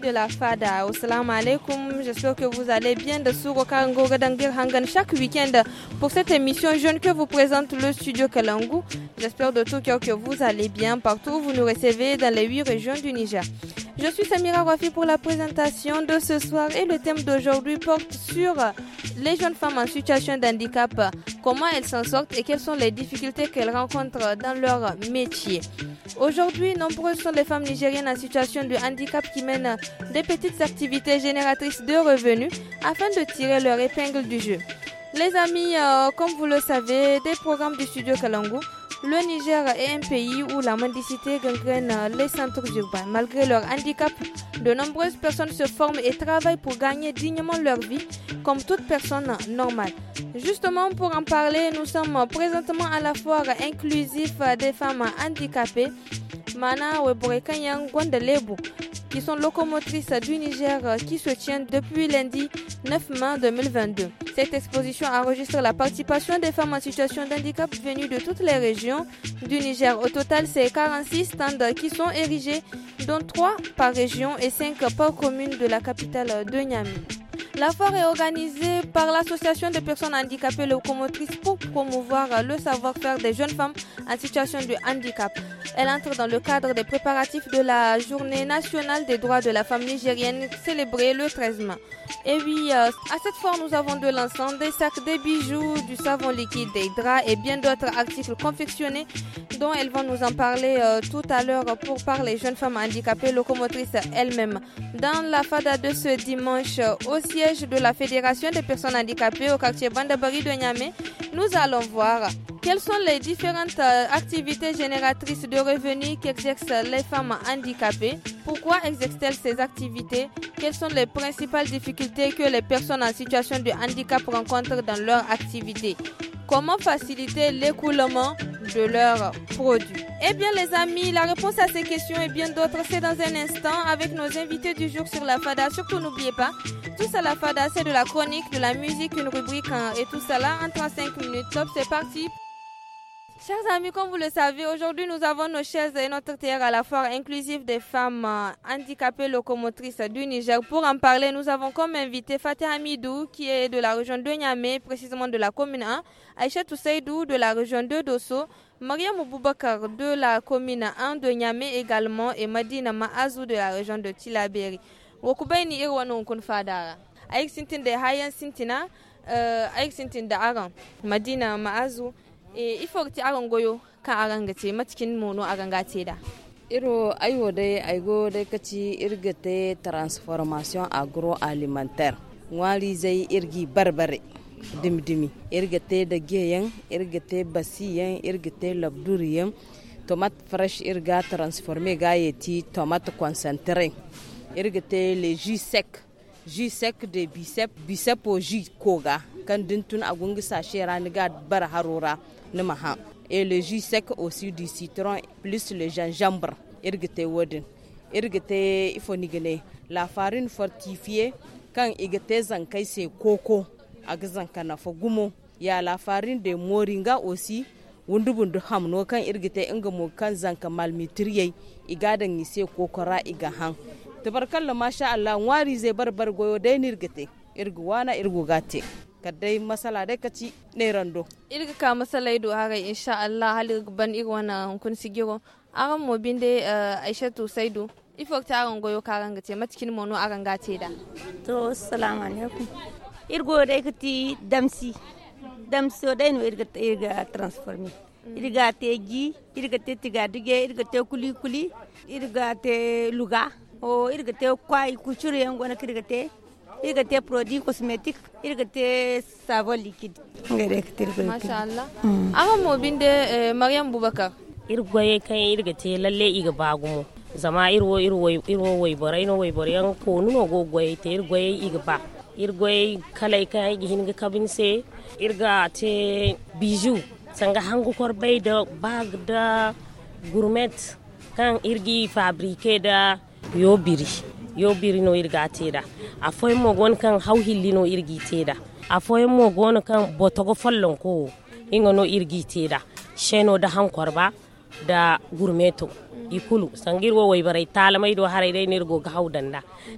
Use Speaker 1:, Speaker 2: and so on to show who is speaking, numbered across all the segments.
Speaker 1: de la FADA, assalamu alaikum, j'espère que vous allez bien de Hangan chaque week-end pour cette émission jeune que vous présente le studio Kalangu. J'espère de tout cœur que vous allez bien partout, vous nous recevez dans les huit régions du Niger. Je suis Samira Wafi pour la présentation de ce soir et le thème d'aujourd'hui porte sur les jeunes femmes en situation d'handicap, comment elles s'en sortent et quelles sont les difficultés qu'elles rencontrent dans leur métier. Aujourd'hui, nombreuses sont les femmes nigériennes en situation de handicap qui mènent des petites activités génératrices de revenus afin de tirer leur épingle du jeu. Les amis, euh, comme vous le savez, des programmes du studio Kalangu le Niger est un pays où la mendicité gangrène les centres urbains. Malgré leur handicap, de nombreuses personnes se forment et travaillent pour gagner dignement leur vie, comme toute personne normale. Justement, pour en parler, nous sommes présentement à la foire inclusive des femmes handicapées. Mana qui sont locomotrices du Niger euh, qui se tiennent depuis lundi 9 mai 2022. Cette exposition enregistre la participation des femmes en situation d'handicap venues de toutes les régions du Niger. Au total, c'est 46 stands qui sont érigés, dont 3 par région et 5 par commune de la capitale de Niamey. La foire est organisée par l'association des personnes handicapées locomotrices pour promouvoir le savoir-faire des jeunes femmes en situation de handicap. Elle entre dans le cadre des préparatifs de la journée nationale des droits de la femme nigérienne célébrée le 13 mai. Et oui, euh, à cette foire, nous avons de l'ensemble, des sacs, des bijoux, du savon liquide, des draps et bien d'autres articles confectionnés dont elles vont nous en parler euh, tout à l'heure pour parler jeunes femmes handicapées locomotrices elles-mêmes. Dans la fada de ce dimanche, euh, au siège de la Fédération des personnes handicapées au quartier Bandabari de Niamey, nous allons voir quelles sont les différentes euh, activités génératrices de revenus qu'exercent les femmes handicapées, pourquoi exercent-elles ces activités, quelles sont les principales difficultés que les personnes en situation de handicap rencontrent dans leur activité, comment faciliter l'écoulement de leurs produits. Eh bien les amis, la réponse à ces questions et bien d'autres, c'est dans un instant avec nos invités du jour sur la FADA. Surtout n'oubliez pas, tout ça, la FADA, c'est de la chronique, de la musique, une rubrique hein, et tout ça là en 35 minutes. Top, c'est parti Chers amis, comme vous le savez, aujourd'hui nous avons nos chaises et notre terre à la foire inclusive des femmes euh, handicapées locomotrices du Niger. Pour en parler, nous avons comme invité Fatih Hamidou qui est de la région de Niamey, précisément de la commune 1, Aïcha Toussaydou de la région de Dosso, Mariam Boubakar de la commune 1 de Niamey également et Madina Maazou de la région de Tilaberi. wokubeni Aïk Sintin de Hayan Sintina, euh, Aïk Sintin de Aran, Madina Maazou. e eh, ifokti aran goyo kan aran gace matikin mono aran gace da
Speaker 2: iro aiwo dai aigo dai kaci irgate transformation agroalimentaire wali zai irgi barbare dimdimi irgate da geyen irgate basiyen irgate labduriyen tomat fresh irga transforme ga yeti tomat concentré irgate le jus sec jus sec de bicep bicep o jus koga kan dintun agungisa shera ni ga bar harora ni maha et le jus sec aussi du citron plus le gingembre irgite wodin irgite ifonigine la farine fortifiée kan igite zankai se koko a zanka na gumo ya la farine de moringa aussi bundu ham no kan irgite inga mo kan zanka malmitriye igadan ni sai kokora iga han tabarkalla masha Allah wari zai barbar goyo dai nirgite irgu wana irgu gate ka dai masala dai ka ci ne rando ilga ka masala ido haka insha Allah hali
Speaker 1: ban irin wannan kun sigiro aran mo bin dai eh, Aishatu Saidu ifok ta aran
Speaker 3: goyo ka karan gace matikin mono aran gace da to assalamu alaikum irgo dai kati damsi damsi dai no irga irga transformi irga te gi irga te tiga dige irga te kuli kuli irga te luga o irga te kwai kuchuru yango na kirga te irga te produit cosmétique irga te savon liquide
Speaker 1: ngerektirmashallah
Speaker 3: aha mobinde eh, mariam
Speaker 4: boubacar ir goye kay irga te lalle iga bagumo zama irwo irwo irwo way bara ino way bara yang ko nuno go goye te ir goye iga ba ir goye kala kay gihin ga kabinse irga te bijou sanga hangu kor bayda bag da gourmet kan irgi fabrique da yo biri yo no irga teda foi mo gon kan haw hillino irgi teda foi mo gon kan botogo fallon ko ingono irgi teda sheno da hankorba da gurmeto ikulu sangir wo way baray talamai do haray dai nirgo ga haudan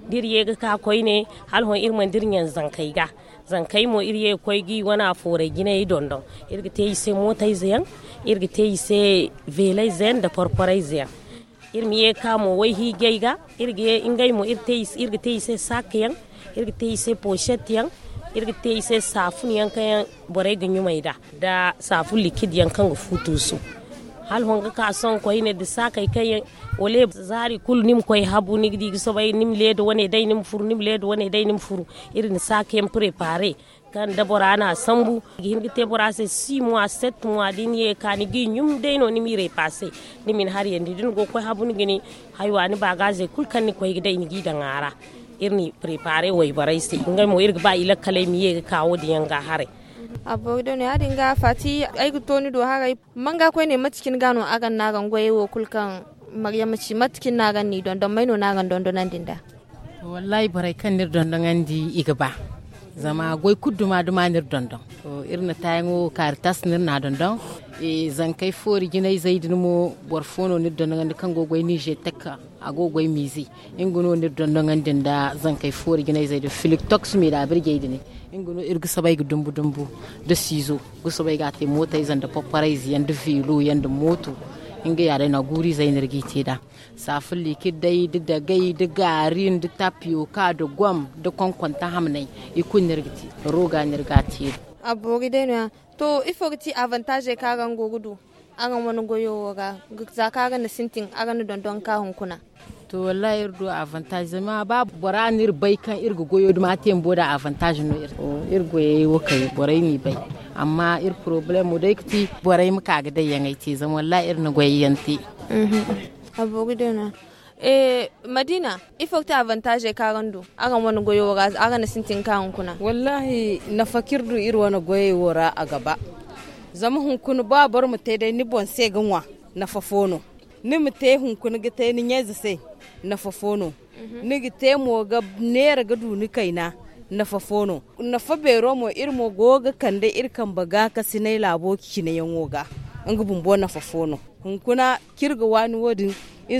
Speaker 4: dir yega ka koi ne hal ho irman dir nyan zankai ga zankai mo irye koi gi wana fore gine i dondon irga te ise motai zayan irga te da porporay zayan irmi ye kamo wai hi geiga irge ingai mo irteis irgteise sakyan irgteise pochetiyan irgteise safun yan borai ganyu maida da da safun likid yankan ga futu su hal honga ka son ko ne da sakai kayan ole zari kul nim koy habu ni digi so bay nim ledo wone dai nim furu nim ledo wone dai nim furu irin sakai prepare kan Dabora na sambu gihim gite bora se si mwa set mwa din ye kani gi nyum de no ni mi repase ni min har yendi dun go ko habun gini haywa ni bagaze kul kan ni ko gida ni gi da ngara irni prepare wai barai se nga mo irga ba ila kale mi ye kawo di yanga hare
Speaker 1: abu da ne adin ga fati aigu toni do harai manga ko ne macikin gano agan nagan goye wo kan maryama ci matkin nagan ni don don maino nagan don don nan dinda
Speaker 5: wallahi barai kan nir don don andi iga ba zama goi ma duma nir dondon irna kar tas nir na dondon e kai fori gina zaidin mo borfono nir dondon ngande kango goi nije tekka ago goi mizi inguno nir dondon ngande da kai fori gina zaidin filik tox mi da birge idini inguno irgu sabai dumbu dumbu de sizo gu sabai ga motay mota izan da paparai yan da velo yan da moto ga yare na guri zai nirgi te da safin liki dai da dagai da garin da tapioca da gwam da kwankwanta hamnai ikun nirgiti roga nirga te
Speaker 1: a bori dai na to iforti avantage karan gogudu aran wani goyowa ga zakaran da sintin aran dondon kahun kuna
Speaker 5: to wallahi irdo avantage ma ba bora nir bai kan irgo goyo duma tem boda avantage no oh, irgo irgo yayi wakai borai ni bai amma ir problem mu dai kiti borai muka ga dai yangai te zama wallahi irna goyyanti mhm.
Speaker 1: abogu dona eh madina ifo ta avantage karando aga wani goyo wora aga na sintin ka kuna wallahi na
Speaker 2: du ir wani goyo wora a gaba zama hunkunu babar mu taidai dai ni bon se ganwa na fafono Ni mu te hunkuni ga te ni yezi zase na fofono nigi te mo ga nera ga duni kai na fofono na fa bero mo ir mo kan da ir kan baga ka sinai labo kine yango ga an bumbo na fofono hunkuna kirga wani wodin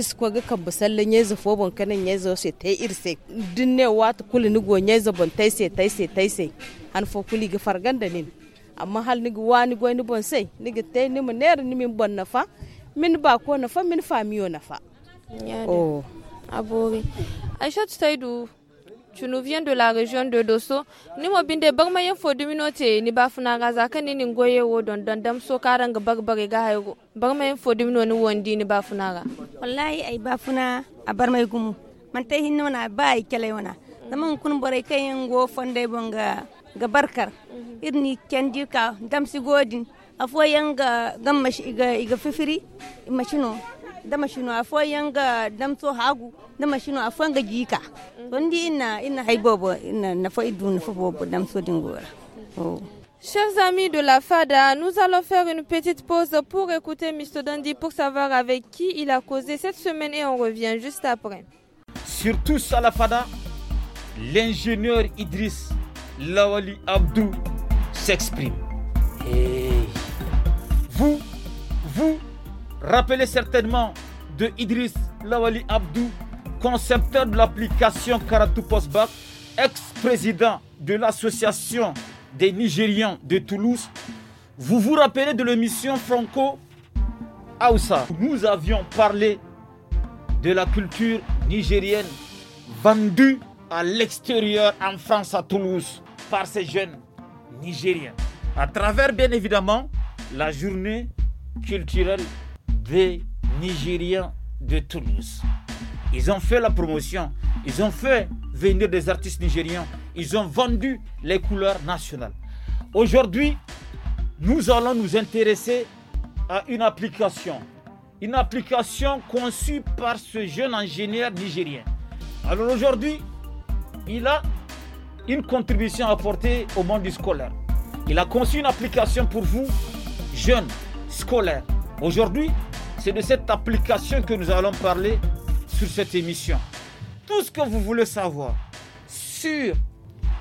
Speaker 2: su ko ga kan busallan yezi fo bon kanan yezi ta te ir se dinne wata kulini go yezi bon ta se tai se tai sai an fo kuli ga farganda ni amma hal nigi wani go ni bon sai nigi te ni mu nera ni min bon na fa min ba ko na fa min famiyo na fa oh abori
Speaker 1: aishatu saidu tu nous vient de la région de Dosso ni mo binde bagma yen fo duminote ni ba funa gaza kan ni ngoye wo don don dam so karan ga bag bag e ga hayo bag
Speaker 3: ma yefo dumino ni wondi ni ba funa ga wallahi ay ba funa a bar mai gumu man tay hinno na ba kele wana zaman kun borai kai yen go fonde bonga ga barkar mhm. irni kendi ka dam si godin Mm.
Speaker 1: Chers amis de la FADA, nous allons faire une petite pause pour écouter Mr. Dandy pour savoir avec qui il a causé cette semaine et on revient juste après.
Speaker 6: Surtout à la FADA, l'ingénieur Idriss Lawali Abdou s'exprime vous rappelez certainement de Idriss Lawali Abdou, concepteur de l'application Karatou Postbac, ex-président de l'association des Nigérians de Toulouse. Vous vous rappelez de l'émission Franco Aoussa. Nous avions parlé de la culture nigérienne vendue à l'extérieur en France à Toulouse par ces jeunes Nigériens. À travers bien évidemment la journée culturel des Nigériens de Toulouse. Ils ont fait la promotion, ils ont fait venir des artistes nigériens, ils ont vendu les couleurs nationales. Aujourd'hui, nous allons nous intéresser à une application, une application conçue par ce jeune ingénieur nigérien. Alors aujourd'hui, il a une contribution à apporter au monde du scolaire. Il a conçu une application pour vous, jeunes, scolaire. Aujourd'hui, c'est de cette application que nous allons parler sur cette émission. Tout ce que vous voulez savoir sur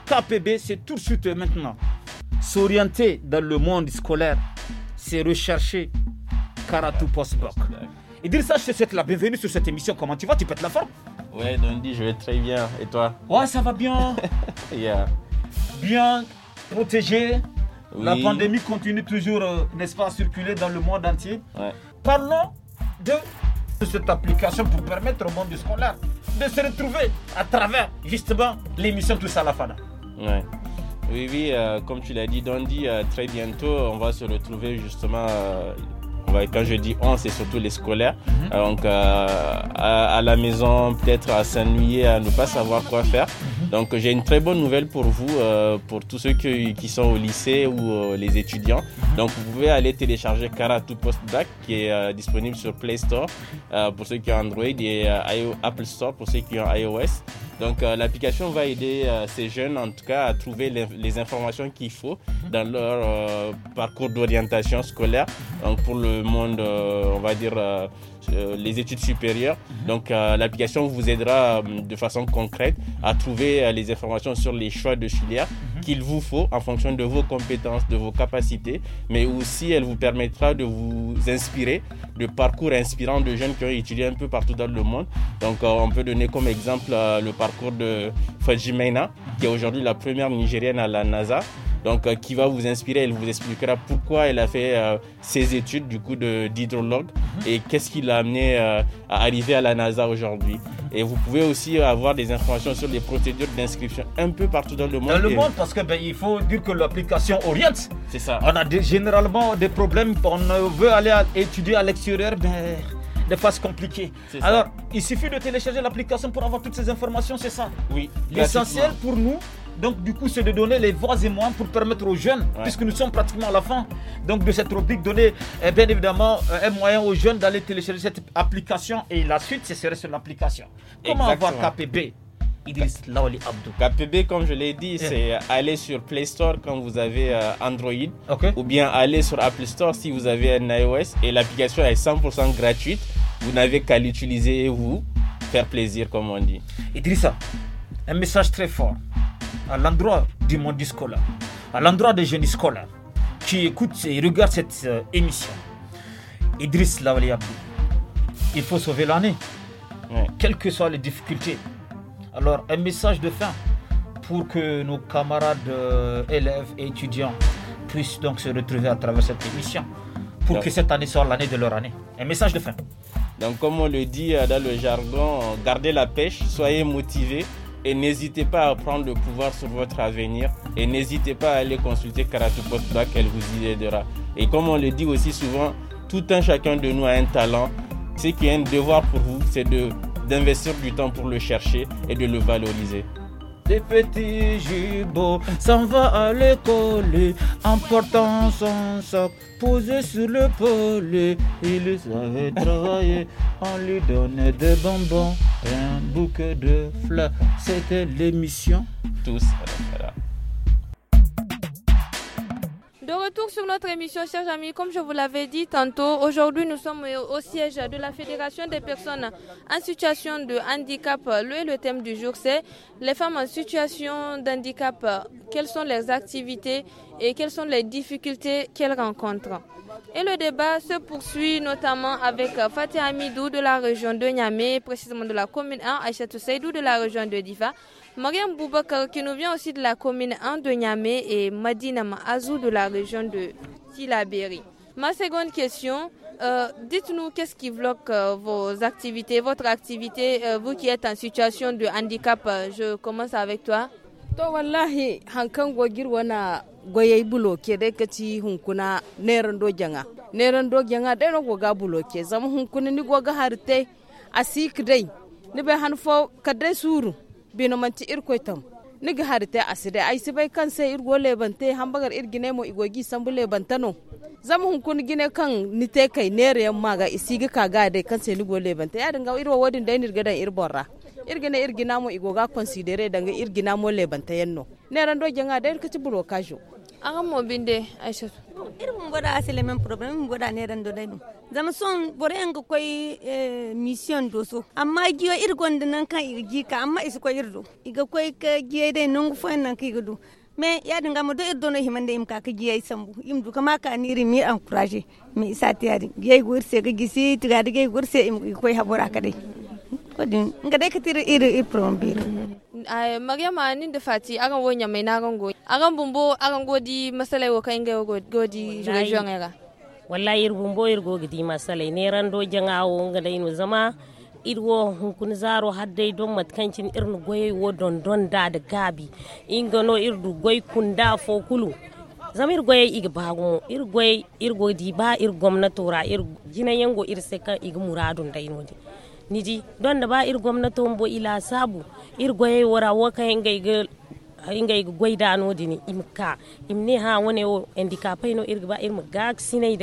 Speaker 6: KPB, c'est tout de suite maintenant. S'orienter dans le monde scolaire, c'est rechercher Karatou Postbok. Et dire ça, je te souhaite la bienvenue sur cette émission. Comment tu vas Tu pètes la forme
Speaker 7: Ouais, Dondi, je vais très bien. Et toi
Speaker 6: Ouais, ça va bien. Bien protégé,
Speaker 7: la pandémie
Speaker 6: continue toujours, euh, n'est-ce pas, à circuler dans le monde entier. Parlons de, cette application pour permettre au monde scolaire de se retrouver à travers justement l'émission Tous à la
Speaker 7: Oui, oui, euh, comme tu l'as dit, Dondi, euh, très bientôt, on va se retrouver justement quand je dis on, c'est surtout les scolaires. Mhm. Euh, donc, euh, à, la maison, peut-être à s'ennuyer, à ne pas savoir quoi faire. Mhm. Donc j'ai une très bonne nouvelle pour vous, euh, pour tous ceux qui, sont au lycée ou les étudiants. Mhm. Donc vous pouvez aller télécharger Karatu Postback qui est disponible sur Play Store pour ceux qui ont Android et Apple Store pour ceux qui ont iOS. Donc euh, l'application va aider euh, ces jeunes en tout cas à trouver les, informations qu'il faut dans leur euh, parcours d'orientation scolaire. Donc pour le monde, on va dire euh, les études supérieures. Mhm. Donc euh, l'application vous aidera euh, de façon concrète à trouver les informations sur les choix de filière mhm. qu'il vous faut en fonction de vos compétences, de vos capacités, mais aussi elle vous permettra de vous inspirer de parcours inspirants de jeunes qui ont étudié un peu partout dans le monde. Donc on peut donner comme exemple le parcours de Fajimena, qui est aujourd'hui la première Nigérienne à la NASA donc euh, qui va vous inspirer. Elle vous expliquera pourquoi elle a fait euh, ses études du coup d'hydrologue mm-hmm. et qu'est-ce qui l'a amené euh, à arriver à la NASA aujourd'hui. Et vous pouvez aussi avoir des informations sur les procédures d'inscription un peu partout dans le monde. Dans le monde,
Speaker 6: parce que ben, il faut dire que l'application oriente. C'est ça. On a généralement des problèmes. On veut aller étudier à l'extérieur. Ben des phases compliqué. Alors, il suffit de télécharger l'application pour avoir toutes ces informations, c'est ça Oui. L'essentiel pour nous, donc du coup, c'est de donner les voies et moyens pour permettre aux jeunes, puisque nous sommes pratiquement à la fin donc, de cette rubrique, donner eh bien évidemment euh, un moyen aux jeunes d'aller télécharger cette application et la suite, ce serait sur l'application. Comment avoir KPB Abdou.
Speaker 7: KPB, comme je l'ai dit, eh. c'est aller sur Play Store quand vous avez euh, Android ou bien aller sur Apple Store si vous avez un iOS et l'application est 100% gratuite. Vous n'avez qu'à l'utiliser et vous faire plaisir, comme on dit. Idrissa,
Speaker 6: un message très fort à l'endroit du monde scolaire, à l'endroit des jeunes scolaires qui écoutent et regardent cette euh, émission. Idriss Lavaliabou... il faut sauver l'année, quelles que soient les difficultés. Alors, un message de fin pour que nos camarades euh, élèves et étudiants puissent donc se retrouver à travers cette émission, pour que cette année soit l'année de leur année.
Speaker 7: Un message de fin. Donc, comme on le dit euh, dans le jargon, gardez la pêche, soyez motivés. Et n'hésitez pas à prendre le pouvoir sur votre avenir. Et n'hésitez pas à aller consulter Karate Postdoc, qu'elle vous y aidera. Et comme on le dit aussi souvent, tout un chacun de nous a un talent. Ce qui est un devoir pour vous, c'est d'investir du temps pour le chercher et de le valoriser
Speaker 6: des petits jubots s'en va à l'école en portant son sac posé sur le pôle. Il savait travailler, on lui donnait des bonbons et un bouquet de fleurs. C'était l'émission. Tous voilà.
Speaker 1: De retour sur notre émission, chers amis, comme je vous l'avais dit tantôt, aujourd'hui nous sommes au siège de la Fédération des personnes en situation de handicap. Le, le thème du jour, c'est les femmes en situation d'handicap. Quelles sont leurs activités et quelles sont les difficultés qu'elles rencontrent Et le débat se poursuit notamment avec Fatih Amidou de la région de Niamey, précisément de la commune 1, Aïchatou Seydou de la région de Diva. Mariam Boubakar, qui nous vient aussi de la commune 1 et Madina Azou de la région de Tilaberi. Ma seconde question, euh, dites-nous qu'est-ce qui bloque euh, vos activités, votre activité, euh, vous qui êtes en situation de
Speaker 2: handicap. Euh, je commence avec toi. to wallahi hankan gogir wana goyay bulo ke de kati hunkuna neran do janga neran do janga de no goga bulo ke zama hunkuna ni goga harte asik de ni be han fo kadre suru bino manti irkoitam niga harite aside ay sibay kan sai irgo lebante hambagar irgine mo igogi sambu lebantano zama hun kun gine kan nite kai nere yamma ga isiga kaga dai kan sai nigo lebante ya dinga irwa wadin dai nirga dan irborra irgine irgina mo igoga considere danga irgina mo lebante yanno neran do jenga dai kaci buro kajo
Speaker 3: an mo binde aisha irin mun gwada asile men problem mun gwada ne ran dodai no zama son bore en koi eh, mission so amma giyo irgon nan kan igi ka amma isu ko irdo iga koy ka giye dai nan gufo nan ka igdo me ya dinga mu do irdo no himande im ka ka giye sambu im du kama ka ni ri an encourager mi isa tiyari giye gurse ga gisi tiga diga gurse im koi habora ka dai kodin nga dai ka katira iri ipron
Speaker 4: bir
Speaker 1: ay ma nin da fati agan wonya mai nagan go agan bumbo agan godi masalai wo kan ga godi region era
Speaker 4: wallahi ir bumbo ir go gidi masalai ne ran do jangawo nga dai no zama irwo hunkun zaro har dai don matkancin irin goyi wo don don da da gabi ingano du goyi kun da fo kulu zamir goye ig bagumo ir goye ir godi ba ir gwamnatora ir jinayengo ir seka ig muradun dai no niji don da ba ir gwamnati bo ila sabu ir goye wara waka ingai ga ingai ga no dini imka imne ha wone o indika pai no ir ba ir mu gaksi nei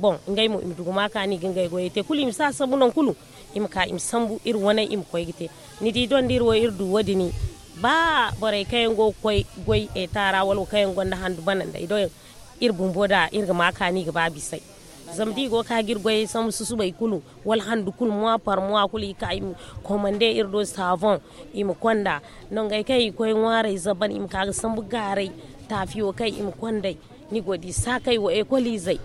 Speaker 4: bon ingai mu imduguma ka ni goye te kulim sa sabu non kulu imka im sambu ir wone im koy gite nidi don dir wo ir du wadini ba bore kay go koy goy e tara wal kayan gonda handu banan dai do ir bumboda ir ga makani ga zamdi go ka girgoye sam su su bai kulu wal kul mwa par mwa kuli ka im komande irdo savon im konda non ga kai koy ware zaban im ka sam bugare fiwo kai im kondai ni godi sakai wa ekoli zai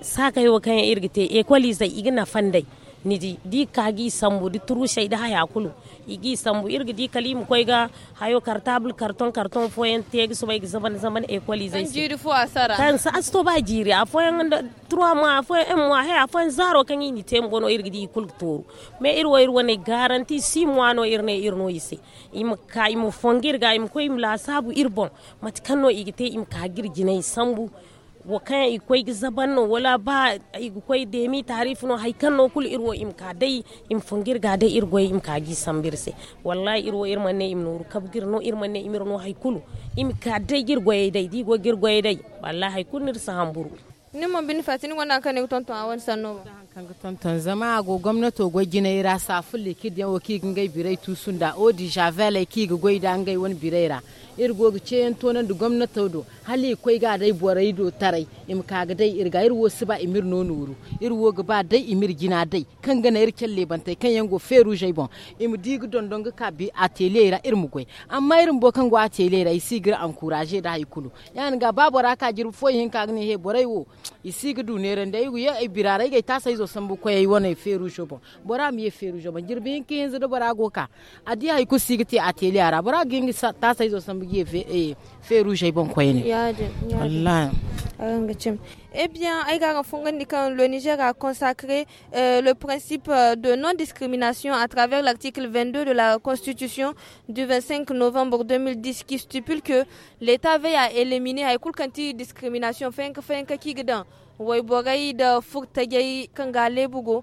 Speaker 4: sakai wa kan irgite ekoli zai igna fandai ni di kagi sambu di turu shaida haya kulu igi sambu irgi di kalimu koiga hayo kartabul karton karton foyen teg su bai zaman zaman e kwali zai jiri fu asara kan sa asto ba jiri a foyen turu ma a foyen en a foyen zaro kan ni tembo no irgi di kul turu me irwo irwo ne garanti si mo no irne irno yisi im ka im fongir ga im im la sabu irbon matikano igi te im kagir jinai sambu wakan ikwai zaban no wala ba ikwai demi tarif no haikan no kul irwo im ka dai im fungir ga dai irgo im ka gi sambir wallahi irwo irma ne im nur no irma ne imir no haikulu im ka dai
Speaker 5: di go dai wallahi kunir sa hamburu
Speaker 1: nimo bin fatini wana awan sanno
Speaker 5: tonton zama go gwamnato go gina ira safu likid yawo ki gai birai tusun da odi javela ki go goida ngai birai ra irgo go ce en tonan du gwamnato do hali koi ga dai borai do tarai im kaga dai irga irwo su ba imir no nuru irwo go ba dai imir gina dai kan gana ir kelle bantai kan yango feru jaibon im digu don don ka bi ateliera mu goi amma irin bo kan go ateliera isi gir an kuraje da haikulu yan ga babora ka jiru foyin ka ne he borai wo isi gudu ne randa yugo ya ibirarai ga ta sai et e e e eh bien, le Niger a
Speaker 1: consacré euh, le principe euh, de non-discrimination à travers l'article 22 de la Constitution du 25 novembre 2010 qui stipule que l'État veille à éliminer à discrimination. Fin que fin que way bogai da kan ga lebugo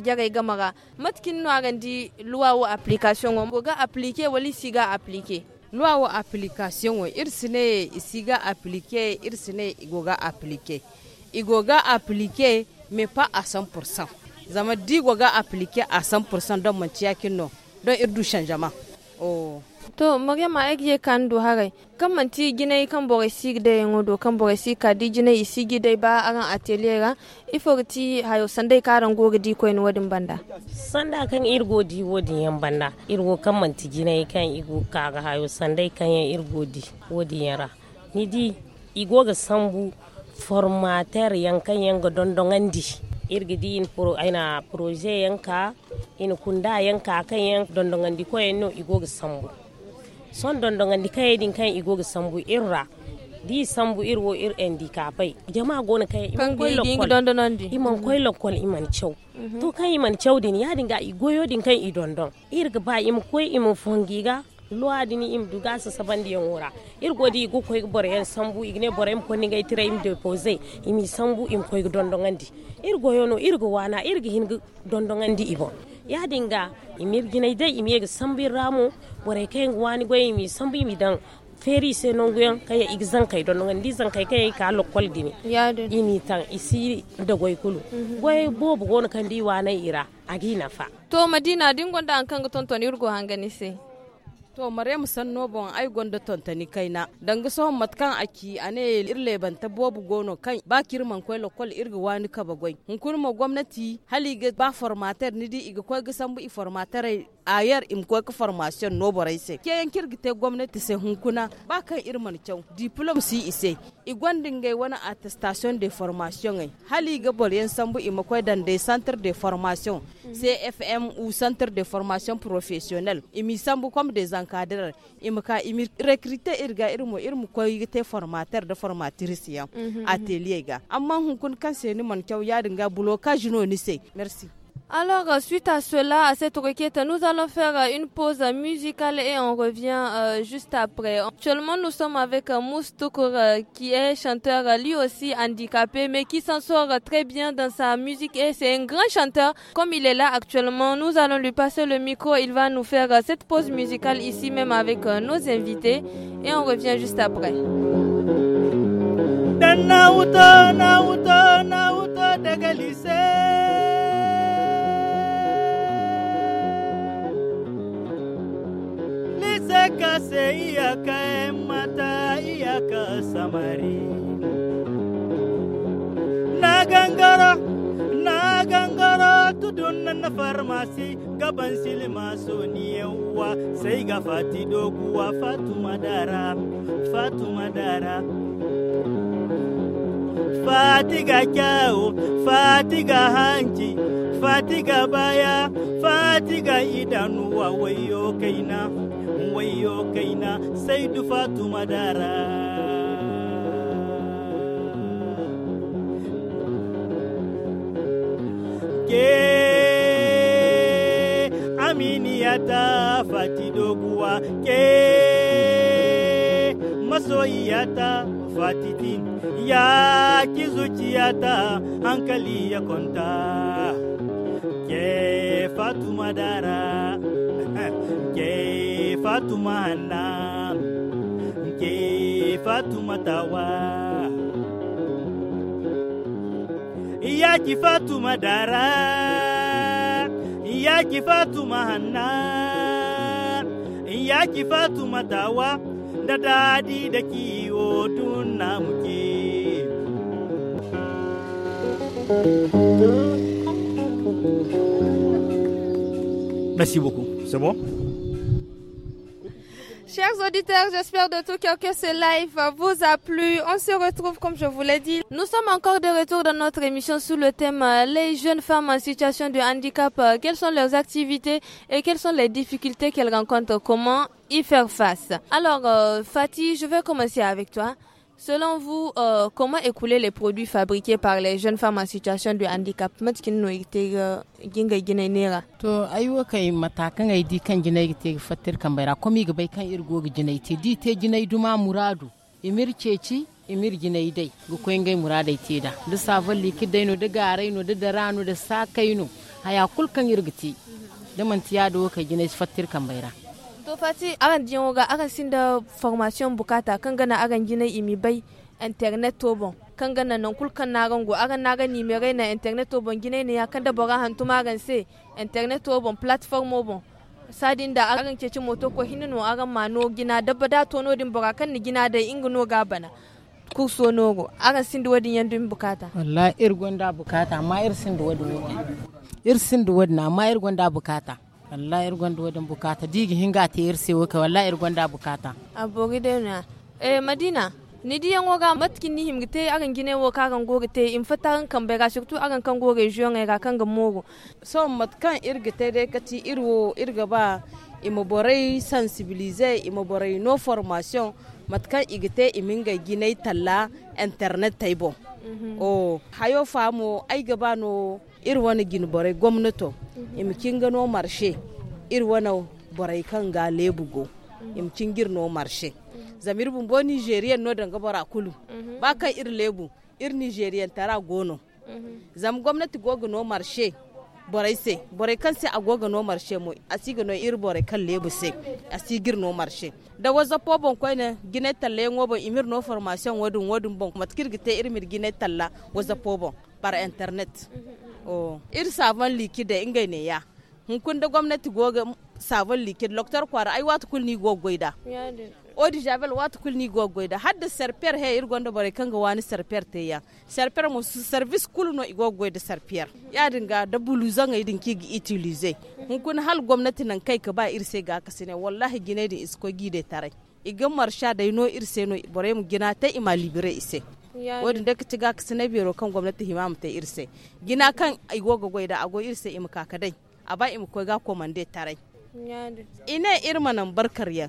Speaker 1: jagai gama ga matkin no agandi luwa wa application
Speaker 2: wa. boga appliquer wali siga appliquer luwa wo application wa irsine siga appliquer irsine igoga appliquer igoga appliquer mais pas à 100% zama digoga appliquer à 100% don manciya kinno don irdu changement oh
Speaker 1: to ek egye kan do hagai kan manti ginai kan bore si de ngo do kan bore si ka di ginai isi gide ba aran atelier ateliera iforti hayo sandai karan goga di koyin wadin banda
Speaker 4: sanda kan irgo di wodi yan banda irgo kan manti ginai kan igu ka ga hayo sandai kan yan irgo di wodi yara ni di igo ga sambu formateur yan yan kan ga dondon andi irgi di in pro aina projet yan ka in kunda yan ka kan yan dondongan di koyin no igo ga sambu son dondongandi din kan igoga sambu irra di sambu irwo ir endi kapai jama gona kay iman koy lokol iman mhm. koy lokol iman cew to kan iman cew din ya dinga igoyo din kan idondon irga ba im koy im fongiga luwa dini im duga sa saban di ora ir godi go koy bor yan sambu igne bor im ko ninga tire im depose imi sambu im koy dondongandi ir goyono ir go wana ir hin dondongandi ibo ya dinga imir ginai dai imir ga sambi ramo warai kai wani goyi mi sambi mi dan feri se non goyan kai ya igzan kai don dizan kai kai ka lokol gini ini tan isi da goyi kulu mhm.
Speaker 2: goy bobu gon kan di wani ira agina fa
Speaker 1: to madina da an kan ton ton yurgo hangani sai
Speaker 2: to mare mu san nobon ai gonda tontani kaina danga sohon matkan aki ane irle banta bobu gono kan ba kirman koy lokol irga wani ka bagoi hun gwamnati hali ga ba formater nidi iga koy ga sambu i formater ayar im imko ka formation no borai se ke yan kirgite gwamnati se hunkuna ba kan irman kyau diplom si ise i gwandin gai wani attestation de formation ai hali ga bol sambu i makwai dan de centre de formation cfm mm. u centre de formation professionnel i mi sambu comme des encadreurs i maka i recruter irga irmo irmo ko te formateur de formatrice ya mhm, mhm, mhm. atelier ga amma hunkun kan se ni man kyau ya dinga blocage no ni se merci
Speaker 1: Alors, euh, suite à cela, à
Speaker 2: cette requête, nous allons faire euh, une
Speaker 1: pause musicale et on revient euh, juste après. Actuellement, nous sommes avec Moustoukur qui est chanteur lui aussi handicapé, mais qui s'en sort très bien dans sa musique et c'est un grand chanteur. Comme il est là actuellement, nous allons lui passer le micro. Il va nous faire cette pause musicale ici même avec nos invités et on revient juste après.
Speaker 8: iyaka emata iyaka samari nagangara nagangara tudunna na farmasi gaban silma so ni yawa sai ga fati doguwa fatuma dara fatuma dara fati ga kyau fati ga fatiga baya fatiga idanuwa wayo kaina wayo kaina sai fatuma madara ke amini fati doguwa ke masoyiyata fatitin ya kizuci ata hankali ya kontaa fatuma dara ke fatuma hanna fatuma tawa iya ki fatuma dara iya fatuma hanna iya fatuma tawa da dadi da kiwo
Speaker 6: Merci beaucoup. C'est bon
Speaker 1: Chers auditeurs, j'espère de tout cœur que ce live vous a plu. On se retrouve, comme je vous l'ai dit. Nous sommes encore de retour dans notre émission sous le thème euh, Les jeunes femmes en situation de handicap. Euh, quelles sont leurs activités et quelles sont les difficultés qu'elles rencontrent Comment y faire face Alors, euh, Fatih, je vais commencer avec toi. Selon vous, euh, comment écouler les produits fabriqués par les jeunes femmes en situation de handicap
Speaker 5: matkin no ite euh, ginga gina nera to aiwa kai matakan ai di kan gina ite fatir kan bayra komi ga bai kan irgo gina ite di te gina duma muradu imir ceci imir gina dai ga koyin gai murada ite da da savon liki dai no da garai no de darano da sakai no haya kulkan irgiti da mantiya da ka gina fatir kan
Speaker 1: to fati aran diyan ga aran da formation bukata kan gana aran gina imi bai internet to bon kan gana nan kulkan na rango aran na gani me raina internet to bon gine ne ya kan da bora hantu magan se internet to bon platform bon sadin da aran ce cin moto ko hinno aran ma no gina dabba bada to no din bora kan ni gina da ingu no ga bana ku so nogo
Speaker 5: sin sindi wadi yandun bukata wallahi ir gonda bukata ma ir sindi wadi wadi ir sindi wadi na ma ir gonda bukata wallahi gwanda wadan bukata digi hinga ta sai waka wallahi gwanda bukata
Speaker 1: abogi na eh madina ni yango ga matki ni gite agan gine wo kagan goge te in fata kan kan bega shuktu agan kan goge
Speaker 2: juyan e ga kan ga mogo so matkan kan irgite de kati irwo irga ba imoborai sensibilize imoborai no formation matkan kan igite iminga gine talla internet taibo mhm. o oh, hayo famo ai gaba no Iri wani gini borai gwamnato mhm. imkin gano marshe iri wani borai kan ga lebugo mhm. imkin girno marshe mhm. zamir bumbo nigerian no danga bara kulu ba kan ir lebu ir nigerian tara gono zam gwamnati goga no marshe borai se borai kan se agogo no marshe mo asiga no ir borai kan lebu se asigir no marshe da waza pobon bon koy ne gine talle ngo bon imir no formation wodun wodun bon matkirgite ir mir gine talla waza pobon bon par internet Oh. ir sabon liki da inga ne ya hunkun da gwamnati goga sabon liki loktar kwara ai wata kul ni gogoida odi javel wata kul ni gogoida hadda serper he ir gonda bare kanga wani serper te ya serper mo service kul no da serper ya dinga da buluzan ga idin kigi itilize. hunkun hal gwamnati nan kai ka ba sai ga kasine wallahi gine da isko gide tare igan marsha da ino irse no bare mu gina ta ima libre ise wadin da kici ga na biro kan gwamnati himamu ta irse gina kan igoga da ago irse imu kakadai a ba imu kai ga komande tarai ina irma nan barkar yan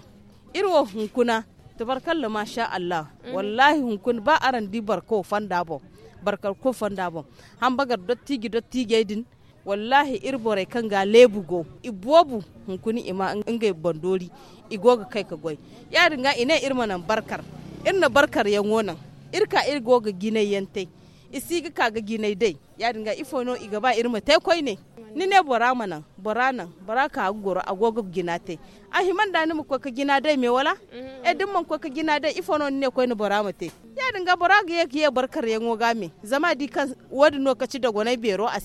Speaker 2: irwo hunkuna tabarkalla lama sha Allah mm. wallahi hunkun ba aran di barko fanda bo barkar ko fanda bo han bagar dotti gi dotti gaidin wallahi irbore kan ga lebu go ibobu hunkuni ima inga bandori igoga kai ka gwai ya ga ina irma nan barkar irna barkar yan wonan irka irgo ga ginai yantai isi ga kaga ginai dai ya dinga ifo no iga ba irma tai koi ne ni ne bora mana bora nan bora ka goro agogo gina tai a himan da ni mu ko ka gina dai me wala mm-hmm. e din man ko ka gina dai ifo no ne koi ni bora mu tai ya dinga bora ga yake ye barkar yango ga me zama di kan wadi no ka ci da gonai bero a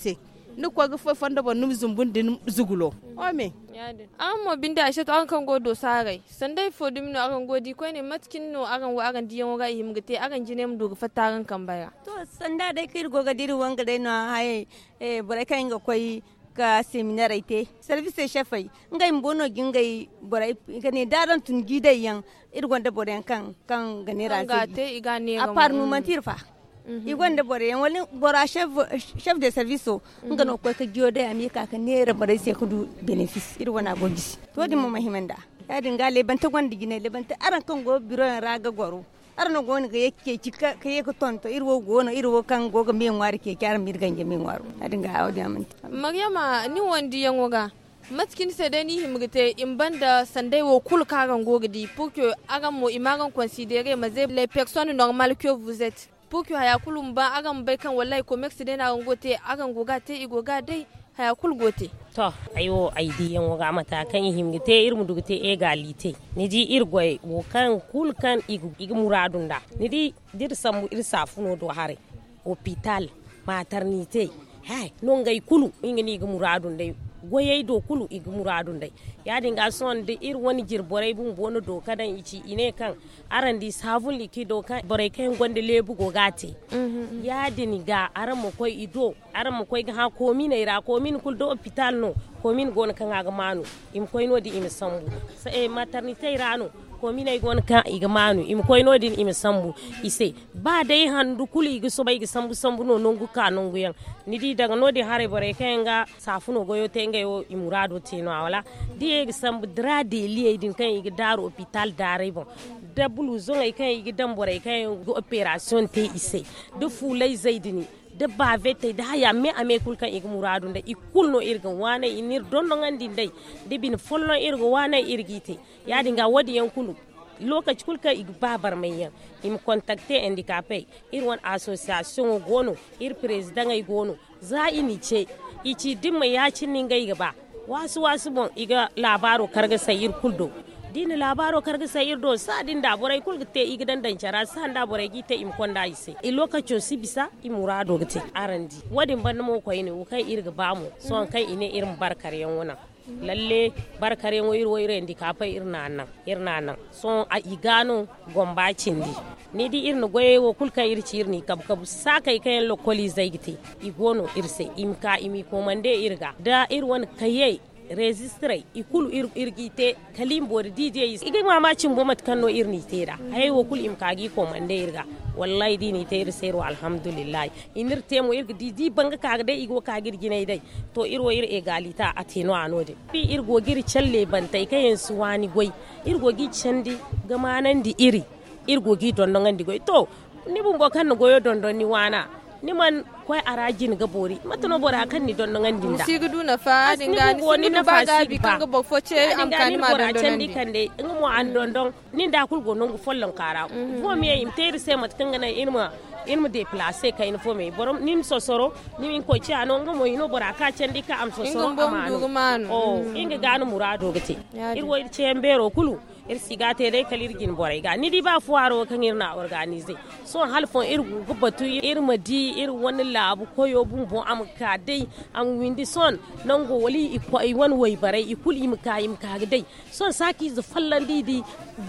Speaker 2: ni kwa gafo fanda ba num zumbun din zugulo o me
Speaker 1: an mo binda ashe to an kan godo sarai sandai fo dum no akan godi kwa ne matkin no akan wa akan diyan ga ihim gate akan jine mu do fataran kan baya
Speaker 3: to sanda dai kai go ga diri wanga dai no haye eh bore kai ga koi ka seminar ite service chefai ngai mbono gingai borai gane daran tun gidai yan irgonda boren kan kan ganera zai ga te igane ga a par mu mantirfa. fa igwanda bore yan wani bora chef chef de service mhm. nga no ko ka gioda ya mi ka ka nera bare sai kudu benefit ir wana gogi to di mo mahimanda ya dinga le banta gwanda gine le banta aran kan go biro yan raga goro aran no goni ga yake ci ka ye ko tonto irwo gono wo kan go ga mi ngwari ke kyar mi ganje mi ngwaru ya dinga awdi amanti
Speaker 1: maryama ni wondi yan woga matkin se dani himgite in banda sandai wo kul karan gogdi pour que agamo imagan considérer mais les personnes normales que vous êtes puki haya kulun ba agan bai kan wallahi ko mex dai na gote agan goga
Speaker 4: te igoga dai haya kul gote to ayo aidi yan waga mata kan himge te irmu dugu te e galite ni ji irgwai wo kan kul kan igu muradun da ni di dir samu ir safuno do hare hospital maternity hai non gai kulu ingani igu muradun dai goyai do kulu igi muradun dai ya dinga son da ir wani jirborai bun bono do kadan ici ine kan aran di savul liki do kan borai kan gonde lebu go gate mhm. ya dinga aran mu koi ido aran mu koi ha komi ne ra komi kul do hospital no komi gon kan aga manu im koi no di im sambu sai eh, maternity rano komina i igon ka igmanu im koy no din im sambu ise ba dai handu kuli igi soba igi sambu sambu no nongu ka nongu yang nidi daga no di hare bore kenga safuno goyo tenga yo imurado tino awala di igi sambu dra de liye din kan igi daro hospital dare bon da bulu zonga kan igi dambore kan operation te ise do fulai zaidini da ba vete da haya me ame kul ig muradu da ikul no irgan wana inir don no ngandi dai de bin follo irgo wane irgite ya dinga wadi yankulu lokaci kulka ig babar yan im contacte handicapé ir wan association gono ir president ay gono za ini ce ici dimma ya cinin gai ba wasu wasu bon iga labaro karga sayir kuldo dini labaro karga sa irdo sa din da burai kul gite i gidan dan cara sa da burai gite im konda ise i lokacho si bisa i murado gite arandi wadin ban mo ko ine kai irga bamu so kai ine irin barkar yan wona lalle yan wo irwo ire ka fa irna nan irna nan so a igano gomba cindi ni di irna goye wo kulka irci irni kab kab kai kayan lokoli i gono irse ka imi komande irga da irwan kayai registra ikulu irgite kalimbori djs igimama cimbo matkanno irniteda hay wokul imkagi komande irga wallahi dinite ir sero alhamdulillahi inirtemo irg dd banga kaga de igo kagir ginai dai to irwo ir egalita atino anode bi irgogiri challe bantai kayensu wani goi irgogi chandi gamanandi iri irgogi dondongandi goi to nibumbo kanno goyo dondoni wana ni man koy arajin ga bori matano bora kan ni don ngan dinda si gudu na fa dinga ni ni na ba ga bi kan ga bo fo ce am kan ma don don ni kan de ngi mo an don don ni da kul go non go follon kara mhm. fo mi yim teri se mat kan ngana irma irma de place ka in fo mi borom nim sosoro ni min ko ci anon ngo mo ino bora ka cen di ka am sosoro amano o oh, mhm. inga ganu murado gate irwo cembero kulu ir siga te dai kalir gin borai ga ni di ba fuwaro kan irna organize so halfon ir gubatu ir madi ir wani labu koyo bun bon am ka dai am windi son nan go wali iko i wan wai barai ikul im ka im ka dai son saki zu fallan di di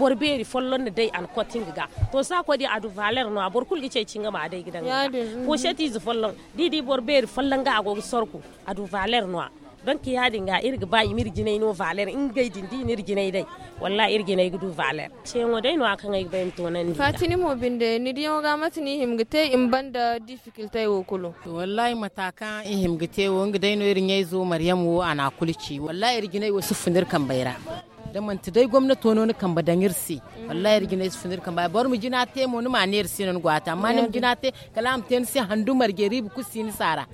Speaker 4: borberi fallon dai an cutting ga to sa ko di adu valer no abor kul gice cinga ma dai gidan mm. ko sheti zu fallon di di borberi fallan ga go sorku adu valer no don ki yadin ga irga ba imir ginai no valer in gai dindi nir ginai dai walla ir ginai gudu valer ce ngo dai no akan ai bayin to nan fatini mo binde
Speaker 1: ni diyo ga matini him gite in banda difficulty wo kulu to wallahi mataka in
Speaker 4: him
Speaker 5: gite wo ngi dai no ir nyai zo maryamu ana kulci wallahi ir ginai wo sufunir kan bayra da man dai gwamnati wani wani kan badan irsi wallahi irgi ne sunir kan ba bar mu jina te mu ni manir nan gwata amma ni jina te kalam ten si handu margeri bu kusini sara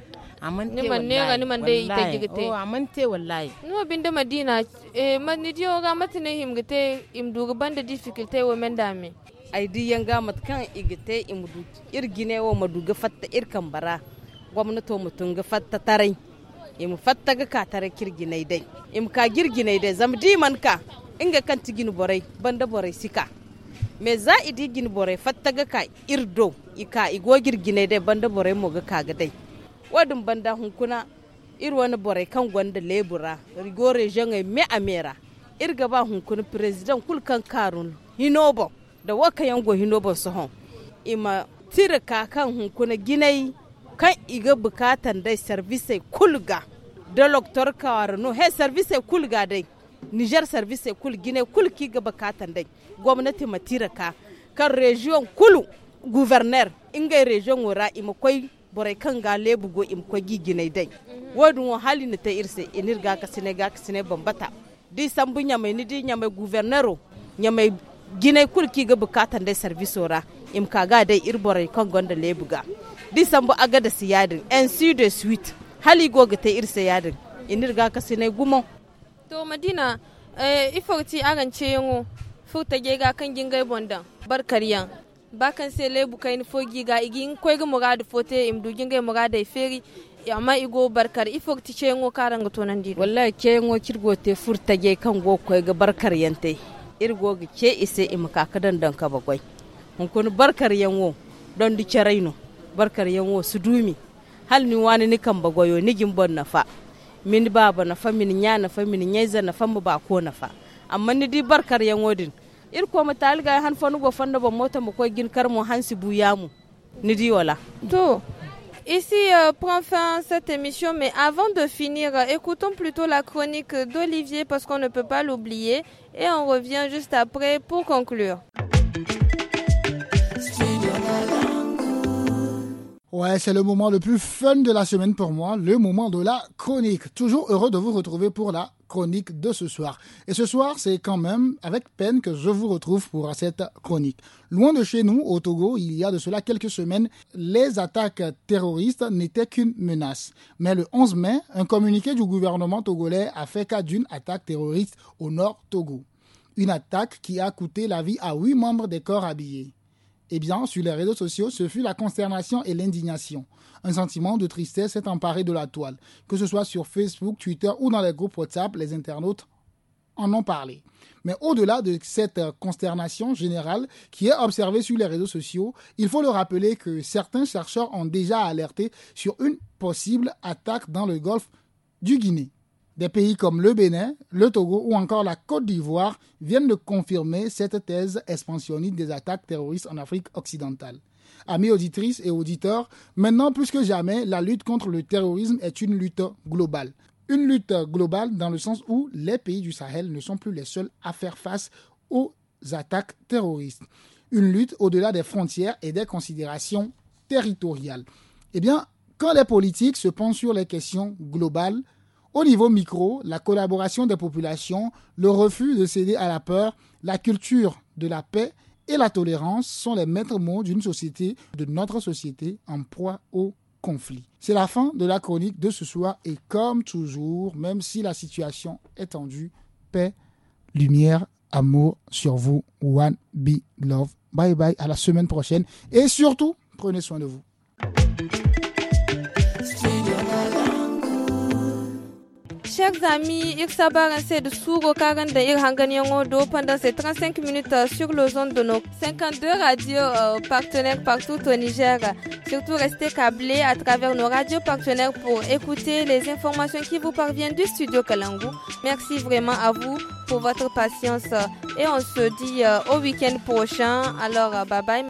Speaker 5: aman te wallahi ne gani man dai ita gigite o aman te wallahi
Speaker 1: oh, no binde madina e eh, man ni dio ga
Speaker 2: matine him gite im dugu banda difficulty wo men dame ai di yanga mat kan igite im du irgine wo maduga fatta irkan bara gwamnato mutun ga fatta tarai im fatta ga ka tare kirginai dai im ka girginai dai zam di man ka inga kan tigin borai banda borai sika me za idi gin borai fatta ga ka irdo ika igogir girgine dai banda borai mo ga kaga dai wadin banda hunkuna ir wani borai kan gwanda lebura rigore jangai me amera ir gaba hunkuna president kulkan karun hinobo da waka yango hinobo sohon ima Tiraka kan hunkuna ginai kan iga bukatan dai service kulga da loktor no he service kulga dai niger service kul gine kul ki ga bukatan dai gwamnati matiraka ka kan region kulu gouverneur ingai region wura ima koi boray kan ga lebu go im ko gine dai wodun hali ni ta irse inir ga ka sine ga ka sine bambata di sambu nyamai ni di nyamai guvernero nyamai ginai ki ga bukatan dai service ora im ka ga dai ir boray kan gonda lebu ga di sambu aga da siyadin en si de suite hali go ga ta irse yadin inir ga ka sine gumo
Speaker 1: to madina eh ifauti agance yango futa ga kan gingai bondan barkariyan bakan sai lebu kai fogi ga igi in koy ga murada fote im dugin ga murada feri amma igo
Speaker 2: barkar ifo ti ce ngo karanga to tonan didi wallahi ke ngo kirgo te furta ge kan go koy ga barkar yante irgo ga ke ise im kakadan dan ka bagwai mun kun barkar yanwo don duke raino barkar yanwo su dumi hal ni wani ni kan bagwayo ni gimbon na fa min baba na fa min nya na fa min nyaiza na fa mu ba ko na fa amma ni di barkar yanwo din Ici euh, prend fin cette émission,
Speaker 1: mais avant de finir, euh, écoutons plutôt la chronique d'Olivier parce qu'on ne peut pas l'oublier et on revient juste après pour conclure.
Speaker 9: Ouais, c'est le moment le plus fun de la semaine pour moi, le moment de la chronique. Toujours heureux de vous retrouver pour la chronique de ce soir. Et ce soir, c'est quand même avec peine que je vous retrouve pour cette chronique. Loin de chez nous, au Togo, il y a de cela quelques semaines, les attaques terroristes n'étaient qu'une menace. Mais le 11 mai, un communiqué du gouvernement togolais a fait cas d'une attaque terroriste au nord Togo. Une attaque qui a coûté la vie à huit membres des corps habillés. Eh bien, sur les réseaux sociaux, ce fut la consternation et l'indignation. Un sentiment de tristesse s'est emparé de la toile. Que ce soit sur Facebook, Twitter ou dans les groupes WhatsApp, les internautes en ont parlé. Mais au-delà de cette consternation générale qui est observée sur les réseaux sociaux, il faut le rappeler que certains chercheurs ont déjà alerté sur une possible attaque dans le golfe du Guinée. Des pays comme le Bénin, le Togo ou encore la Côte d'Ivoire viennent de confirmer cette thèse expansionniste des attaques terroristes en Afrique occidentale. Amis auditrices et auditeurs, maintenant plus que jamais, la lutte contre le terrorisme est une lutte globale. Une lutte globale dans le sens où les pays du Sahel ne sont plus les seuls à faire face aux attaques terroristes. Une lutte au-delà des frontières et des considérations territoriales. Eh bien, quand les politiques se penchent sur les questions globales, au niveau micro, la collaboration des populations, le refus de céder à la peur, la culture de la paix et la tolérance sont les maîtres mots d'une société, de notre société en proie au conflit. C'est la fin de la chronique de ce soir et comme toujours, même si la situation est tendue, paix, lumière, amour sur vous. One be love. Bye bye à la semaine prochaine et surtout, prenez soin de vous.
Speaker 1: Chers amis, Irsabar de Souro 40 au dos pendant ces 35 minutes euh, sur le zone de nos 52 radios euh, partenaires partout au Niger. Surtout restez câblés à travers nos radios partenaires pour écouter les informations qui vous parviennent du studio Kalangu. Merci vraiment à vous pour votre patience et on se dit euh, au week-end prochain. Alors, bye bye.